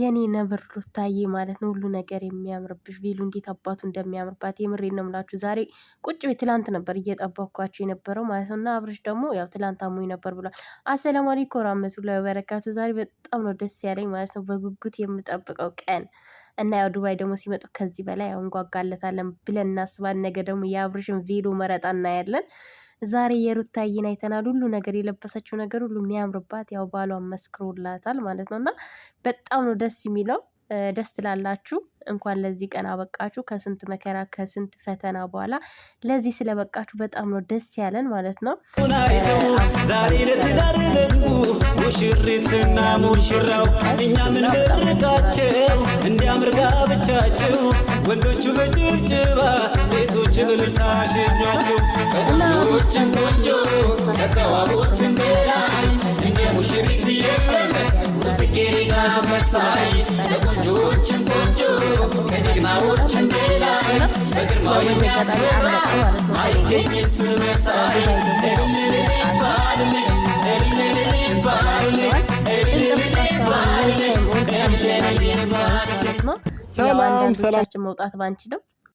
የኔ ነብር ሩታዬ ማለት ነው። ሁሉ ነገር የሚያምርብሽ ቪሉ እንዴት አባቱ እንደሚያምርባት የምሬ ነው ምላችሁ። ዛሬ ቁጭ ቤት ትላንት ነበር እየጠባኳቸው የነበረው ማለት ነው። እና አብርሽ ደግሞ ያው ትላንት አሞኝ ነበር ብሏል። አሰላሙ አለይኩም ወራህመቱላሂ ወበረካቱ። ዛሬ በጣም ነው ደስ ያለኝ ማለት ነው። በጉጉት የምጠብቀው ቀን እና ያው ዱባይ ደግሞ ሲመጡ ከዚህ በላይ ያው እንጓጓለታለን ብለን እናስባለን። ነገ ደግሞ የአብርሽን ቬሎ መረጣ እናያለን። ዛሬ የሩታዬን አይተናል። ሁሉ ነገር የለበሰችው ነገር ሁሉ የሚያምርባት ያው ባሏን መስክሮላታል ማለት ነው እና በጣም ነው ደስ የሚለው። ደስ ስላላችሁ እንኳን ለዚህ ቀን አበቃችሁ። ከስንት መከራ ከስንት ፈተና በኋላ ለዚህ ስለበቃችሁ በጣም ነው ደስ ያለን ማለት ነው። ዛሬ ለተዳረጉ ሙሽሪትና ሙሽራው እኛም እንደርቃቸው እንዲያምር ጋብቻቸው ወንዶቹ በጭብጨባ ሴቶች በልልታ የወፎችን ጎጆ ከከዋቦችን በላይ እንደ ሙሽሪት የመለክ ጽጌረዳ መሳይ ከቆንጆዎችን ጎጆ ከጀግናዎችን በላይ በግርማው የሚያስፈራ አይገኝ እሱ መሳይ እልል ባልሽ እልል ባልሽ እልል ባልሽ እልል ባልሽ ሰላም ሰላም መውጣት ባንችልም